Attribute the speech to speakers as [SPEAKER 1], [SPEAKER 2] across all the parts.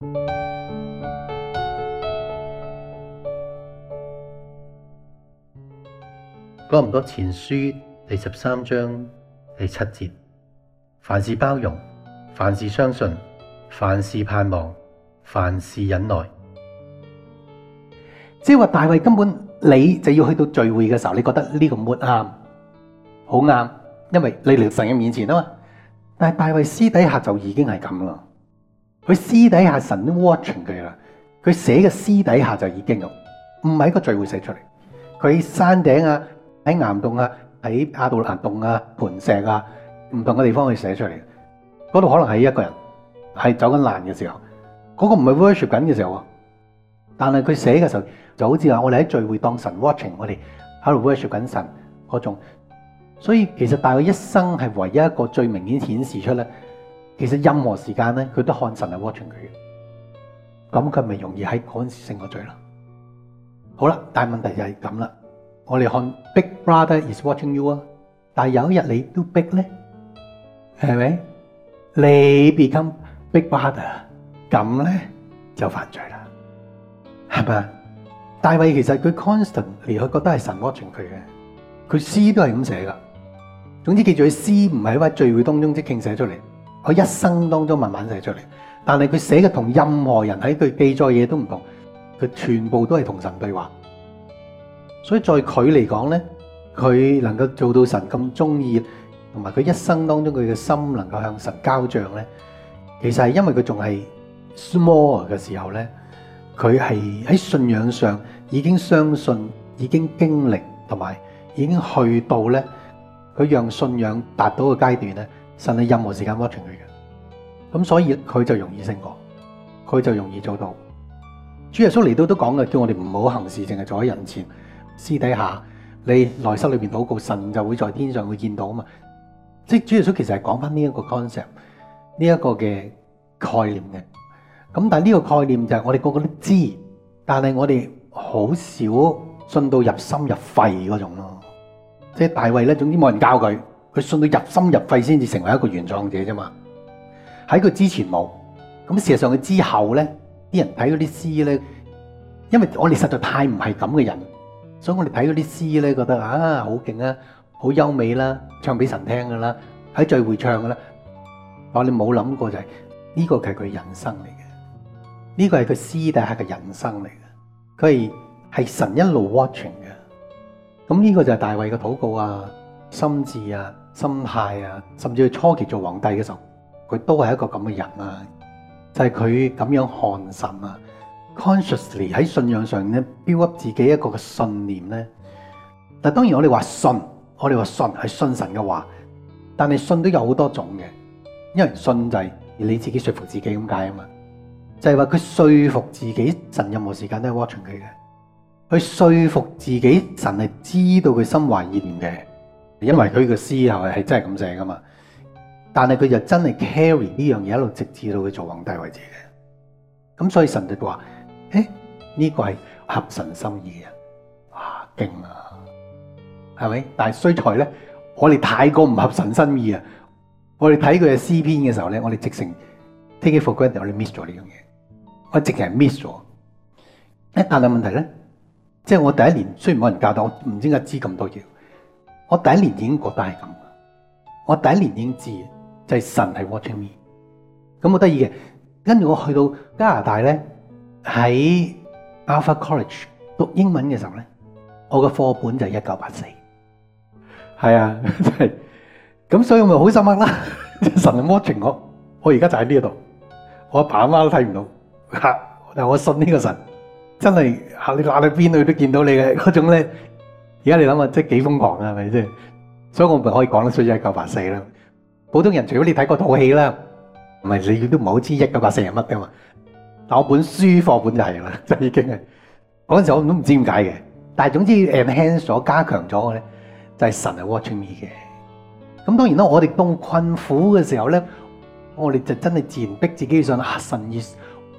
[SPEAKER 1] 《哥林多前書》第十三章第七節，凡事包容，凡事相信，凡事盼望，凡事忍耐。即係話，大衛根本你就要去到聚會嘅時候，你覺得呢個唔啱，好啱，因為你嚟到神嘅面前啊嘛。但係大衛私底下就已經係咁啦。佢私底下神都 watching 佢啦，佢寫嘅私底下就已經咁，唔係一個聚會寫出嚟。佢喺山頂啊，喺岩洞啊，喺亞杜蘭岩洞啊、磐石啊唔同嘅地方去寫出嚟。嗰度可能係一個人係走緊難嘅時候，嗰、嗰個唔係 worship 緊嘅時候。但係佢寫嘅時候就好似話我哋喺聚會當神 watching 我哋喺度 worship 緊神嗰種。所以其實大衛一生係唯一一個最明顯顯示出咧。其實任何時間咧，佢都看神係 watching 佢嘅，咁佢咪容易喺嗰陣時成個罪啦。好啦，但係問題就係咁啦。我哋看 Big Brother is watching you 啊，但係有一日你都 big 咧，係咪？你 become Big Brother，咁咧就犯罪啦，係嘛？大衛其實佢 constantly，佢覺得係神是 watching 佢嘅，佢詩都係咁寫噶。總之記住，佢詩唔係喺聚會當中即興寫出嚟。佢一生當中慢慢寫出嚟，但係佢寫嘅同任何人喺佢記載嘢都唔同，佢全部都係同神對話。所以在佢嚟講咧，佢能夠做到神咁中意，同埋佢一生當中佢嘅心能夠向神交賬咧，其實係因為佢仲係 small 嘅時候咧，佢係喺信仰上已經相信、已經經歷同埋已經去到咧，佢讓信仰達到嘅階段咧。神係任何時間 watching 佢嘅，咁所以佢就容易勝過，佢就容易做到。主耶穌嚟到都講嘅，叫我哋唔好行事，淨係坐喺人前，私底下你內室裏邊禱告，神就會在天上會見到啊嘛。即係主耶穌其實係講翻呢一個 concept，呢一個嘅概念嘅。咁、這個、但係呢個概念就係我哋個個都知，但係我哋好少信到入心入肺嗰種咯。即係大衛咧，總之冇人教佢。佢信到入心入肺先至成為一個原創者啫嘛，喺佢之前冇，咁事實上佢之後咧，啲人睇嗰啲詩咧，因為我哋實在太唔係咁嘅人，所以我哋睇嗰啲詩咧覺得啊好勁啊，好優美啦，唱俾神聽噶啦，喺聚會唱噶啦，我哋冇諗過就係、是、呢、這個係佢人生嚟嘅，呢、這個係佢私底下嘅人生嚟嘅，佢係係神一路 watching 嘅，咁、這、呢個就係大衛嘅禱告啊。心智啊，心態啊，甚至佢初期做皇帝嘅時候，佢都係一個咁嘅人啊。就係佢咁樣看神啊，consciously 喺信仰上咧，build up 自己一個嘅信念咧。但當然我哋話信，我哋話信係信神嘅話，但係信都有好多種嘅，因為信就係、而、你自己說服自己咁解啊嘛。就係話佢說服自己神任何時間都係 watching 佢嘅，佢說服自己神係知道佢心懷意念嘅。因為佢嘅詩係係真係咁寫噶嘛，但係佢就真係 carry 呢樣嘢一路直至到佢做皇帝為止嘅。咁所以神就話：，誒，呢、這個係合神心意啊，哇，勁啊，係咪？但係衰財咧，我哋太過唔合神心意啊！我哋睇佢嘅詩篇嘅時候咧，我哋直成 r a n t e d 我哋 miss 咗呢樣嘢，我直係 miss 咗。但係問題咧，即係我第一年雖然冇人教但我唔知點解知咁多嘢。我第一年已經覺得係咁，我第一年已經知就係、是、神係 watching me。咁好得意嘅，跟住我去到加拿大咧，喺 Alpha College 讀英文嘅時候咧，我嘅課本就係一九八四。係啊，係、就是。咁所以我咪好心刻啦，神係 watching 我，我而家就喺呢度，我阿爸阿媽都睇唔到，但我信呢個神，真係吓你喇到邊度都見到你嘅嗰種咧。而家你諗下，即係幾瘋狂啊，係咪先？所以我咪可以講得出一九八四啦。普通人除非，除咗你睇過套戲啦，唔係你都唔好知一九八四係乜噶嘛。但我本書課本就係啦，就已經係。嗰陣時我都唔知點解嘅，但係總之 enhance 所加強咗嘅咧，就係、是、神係 watching me 嘅。咁當然啦，我哋當困苦嘅時候咧，我哋就真係自然逼自己想啊，神 is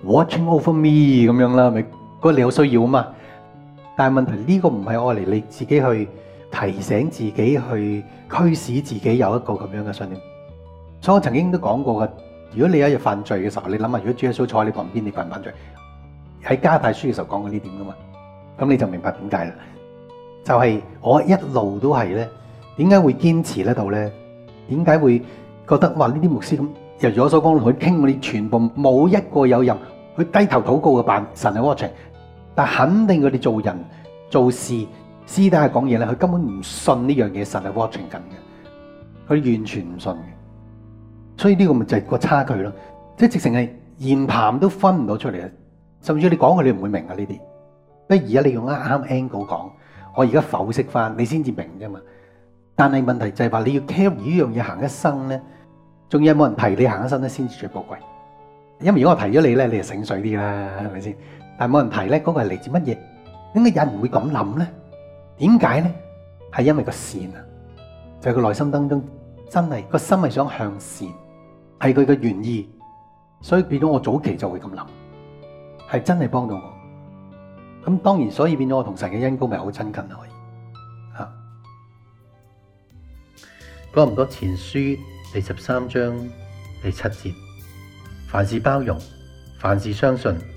[SPEAKER 1] watching over me 咁樣啦，咪嗰你有需要啊嘛。但係問題呢個唔係愛嚟，你自己去提醒自己，去驅使自己有一個咁樣嘅信念。所以我曾經都講過嘅，如果你有一日犯罪嘅時候，你諗下，如果主耶穌坐喺你旁邊，你犯唔犯罪？喺加大書嘅時候講過呢點噶嘛，咁你就明白點解啦。就係我一路都係咧，點解會堅持得到咧？點解會覺得哇呢啲牧師咁？又如我所講，佢傾我哋全部冇一個有任，去低頭禱告嘅辦神係 watching。但肯定佢哋做人做事私底下講嘢咧，佢根本唔信呢樣嘢實係 watching 緊嘅，佢完全唔信嘅。所以呢個咪就係個差距咯，即係直情係言談都分唔到出嚟啊！甚至你講佢，你唔會明啊呢啲。因為而家你用啱啱 angle 講，我而家剖析翻你先至明啫嘛。但係問題就係話你要 keep 呢樣嘢行一生咧，仲有冇人提你行一生咧先至最寶貴。因為如果我提咗你咧，你就醒水啲啦，係咪先？但沒冇人提呢，嗰個係嚟自乜嘢？點解人唔會咁諗呢？點解呢？係因為個善呀，就是佢內心當中真係個心係想向善，係佢嘅原意，所以變咗我早期就會咁諗係真係幫到我。噉當然，所以變咗我同神嘅恩膏咪好親近咯，可以吓。哥林多前書第十三章第七節，凡事包容，凡事相信。